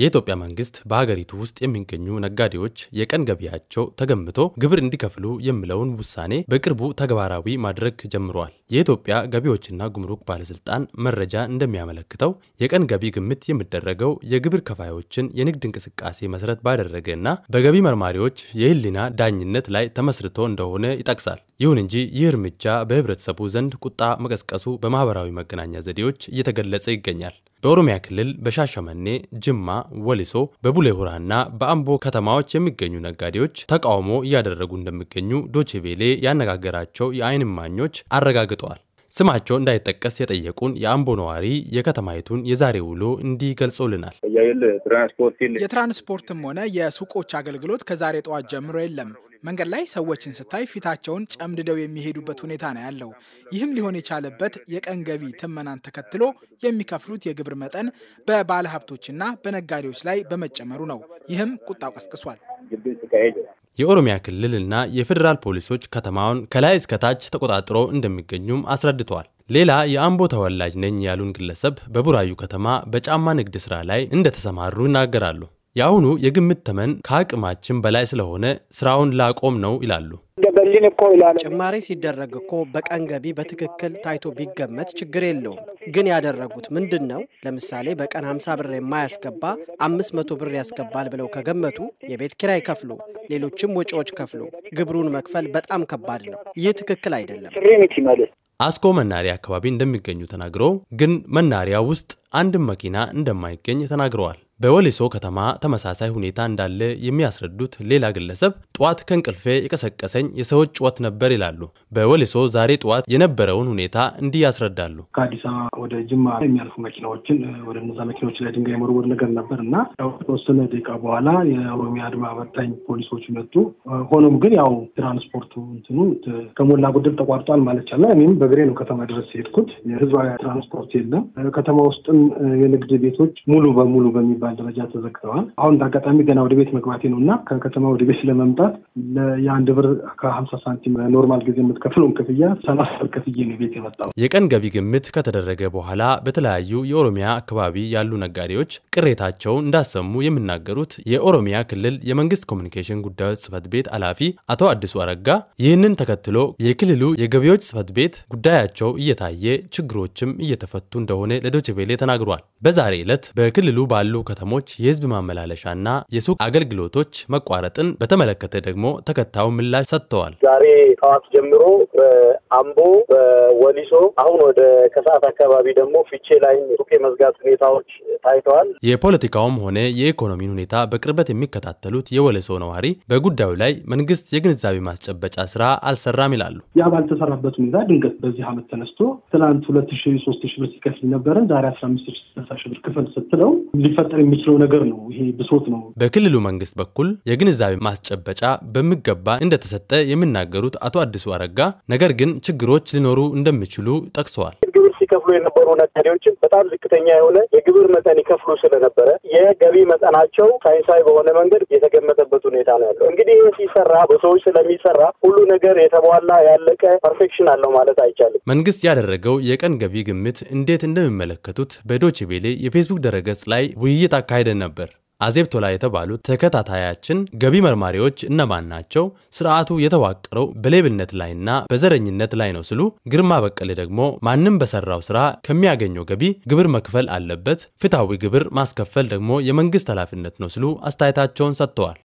የኢትዮጵያ መንግስት በሀገሪቱ ውስጥ የሚገኙ ነጋዴዎች የቀን ገቢያቸው ተገምቶ ግብር እንዲከፍሉ የሚለውን ውሳኔ በቅርቡ ተግባራዊ ማድረግ ጀምሯል። የኢትዮጵያ ገቢዎችና ጉምሩክ ባለስልጣን መረጃ እንደሚያመለክተው የቀን ገቢ ግምት የሚደረገው የግብር ከፋዮችን የንግድ እንቅስቃሴ መሰረት እና በገቢ መርማሪዎች የህሊና ዳኝነት ላይ ተመስርቶ እንደሆነ ይጠቅሳል። ይሁን እንጂ ይህ እርምጃ በህብረተሰቡ ዘንድ ቁጣ መቀስቀሱ በማህበራዊ መገናኛ ዘዴዎች እየተገለጸ ይገኛል። በኦሮሚያ ክልል በሻሸመኔ፣ ጅማ፣ ወሊሶ፣ በቡሌ ሆራና በአምቦ ከተማዎች የሚገኙ ነጋዴዎች ተቃውሞ እያደረጉ እንደሚገኙ ዶቼቬሌ ያነጋገራቸው የአይን እማኞች አረጋግጠዋል። ስማቸው እንዳይጠቀስ የጠየቁን የአምቦ ነዋሪ የከተማይቱን የዛሬ ውሎ እንዲህ ገልጾልናል። የትራንስፖርትም ሆነ የሱቆች አገልግሎት ከዛሬ ጠዋት ጀምሮ የለም። መንገድ ላይ ሰዎችን ስታይ ፊታቸውን ጨምድደው የሚሄዱበት ሁኔታ ነው ያለው። ይህም ሊሆን የቻለበት የቀን ገቢ ትመናን ተከትሎ የሚከፍሉት የግብር መጠን በባለሀብቶችና በነጋዴዎች ላይ በመጨመሩ ነው። ይህም ቁጣው ቀስቅሷል። የኦሮሚያ ክልልና የፌዴራል ፖሊሶች ከተማውን ከላይ እስከታች ተቆጣጥሮ እንደሚገኙም አስረድተዋል። ሌላ የአምቦ ተወላጅ ነኝ ያሉን ግለሰብ በቡራዩ ከተማ በጫማ ንግድ ስራ ላይ እንደተሰማሩ ይናገራሉ። የአሁኑ የግምት ተመን ከአቅማችን በላይ ስለሆነ ስራውን ላቆም ነው ይላሉ። ጭማሪ ሲደረግ እኮ በቀን ገቢ በትክክል ታይቶ ቢገመት ችግር የለውም። ግን ያደረጉት ምንድን ነው? ለምሳሌ በቀን 50 ብር የማያስገባ 500 ብር ያስገባል ብለው ከገመቱ የቤት ኪራይ ከፍሎ ሌሎችም ወጪዎች ከፍሎ ግብሩን መክፈል በጣም ከባድ ነው። ይህ ትክክል አይደለም። አስኮ መናሪያ አካባቢ እንደሚገኙ ተናግረው ግን መናሪያ ውስጥ አንድም መኪና እንደማይገኝ ተናግረዋል። በወሊሶ ከተማ ተመሳሳይ ሁኔታ እንዳለ የሚያስረዱት ሌላ ግለሰብ ጠዋት ከእንቅልፌ የቀሰቀሰኝ የሰዎች ጩኸት ነበር ይላሉ። በወሊሶ ዛሬ ጠዋት የነበረውን ሁኔታ እንዲህ ያስረዳሉ። ከአዲስ አበባ ወደ ጅማ የሚያልፉ መኪናዎችን ወደ እነዛ መኪናዎች ላይ ድንጋይ መወርወር ነገር ነበር እና ተወሰነ ደቂቃ በኋላ የኦሮሚያ አድማ በታኝ ፖሊሶች መጡ። ሆኖም ግን ያው ትራንስፖርቱ እንትኑ ከሞላ ጎደል ተቋርጧል ማለት ቻለ። እኔም በግሬ ነው ከተማ ድረስ የሄድኩት። የህዝባዊ ትራንስፖርት የለም። ከተማ ውስጥም የንግድ ቤቶች ሙሉ በሙሉ በሚባል በሚባል ደረጃ ተዘግተዋል። አሁን እንደ አጋጣሚ ገና ወደ ቤት መግባቴ ነው እና ከከተማ ወደ ቤት ስለመምጣት የአንድ ብር ከሀምሳ ሳንቲም ኖርማል ጊዜ የምትከፍለውን ክፍያ ሰላሳ ብር ከፍዬ ነው ቤት የመጣው። የቀን ገቢ ግምት ከተደረገ በኋላ በተለያዩ የኦሮሚያ አካባቢ ያሉ ነጋዴዎች ቅሬታቸውን እንዳሰሙ የሚናገሩት የኦሮሚያ ክልል የመንግስት ኮሚኒኬሽን ጉዳዮች ጽህፈት ቤት ኃላፊ አቶ አዲሱ አረጋ ይህንን ተከትሎ የክልሉ የገቢዎች ጽህፈት ቤት ጉዳያቸው እየታየ ችግሮችም እየተፈቱ እንደሆነ ለዶችቬሌ ተናግሯል። በዛሬ ዕለት በክልሉ ባሉ ከተሞች የህዝብ ማመላለሻና የሱቅ አገልግሎቶች መቋረጥን በተመለከተ ደግሞ ተከታዩ ምላሽ ሰጥተዋል። ዛሬ ጠዋት ጀምሮ በአምቦ በወሊሶ አሁን ወደ ከሰዓት አካባቢ ደግሞ ፊቼ ላይ ሱቅ የመዝጋት ሁኔታዎች ታይተዋል። የፖለቲካውም ሆነ የኢኮኖሚን ሁኔታ በቅርበት የሚከታተሉት የወለሶ ነዋሪ በጉዳዩ ላይ መንግስት የግንዛቤ ማስጨበጫ ስራ አልሰራም ይላሉ። ያ ባልተሰራበት ሁኔታ ድንገት በዚህ አመት ተነስቶ ትናንት ሁለት ሺ ሶስት ሺ ብር ሲከፍል ነበረን ዛሬ አስራ አምስት ሺ ስልሳ ሺ ብር ክፍል ስትለው ሊፈጠር የሚችለው ነገር ነው። ይሄ ብሶት ነው። በክልሉ መንግስት በኩል የግንዛቤ ማስጨበጫ በሚገባ እንደተሰጠ የሚናገሩት አቶ አዲሱ አረጋ ነገር ግን ችግሮች ሊኖሩ እንደሚችሉ ጠቅሰዋል። ሲከፍሉ የነበሩ ነጋዴዎችን በጣም ዝቅተኛ የሆነ የግብር መጠን ይከፍሉ ስለነበረ የገቢ መጠናቸው ሳይንሳዊ በሆነ መንገድ የተገመጠበት ሁኔታ ነው ያለው። እንግዲህ ይህ ሲሰራ በሰዎች ስለሚሰራ ሁሉ ነገር የተሟላ ያለቀ ፐርፌክሽን አለው ማለት አይቻልም። መንግስት ያደረገው የቀን ገቢ ግምት እንዴት እንደሚመለከቱት በዶችቤሌ የፌስቡክ ደረገጽ ላይ ውይይት አካሄደን ነበር። አዜብቶላ የተባሉት ተከታታያችን ገቢ መርማሪዎች እነማን ናቸው? ስርዓቱ የተዋቀረው በሌብነት ላይና በዘረኝነት ላይ ነው ስሉ፣ ግርማ በቀለ ደግሞ ማንም በሰራው ስራ ከሚያገኘው ገቢ ግብር መክፈል አለበት፣ ፍትሐዊ ግብር ማስከፈል ደግሞ የመንግስት ኃላፊነት ነው ስሉ አስተያየታቸውን ሰጥተዋል።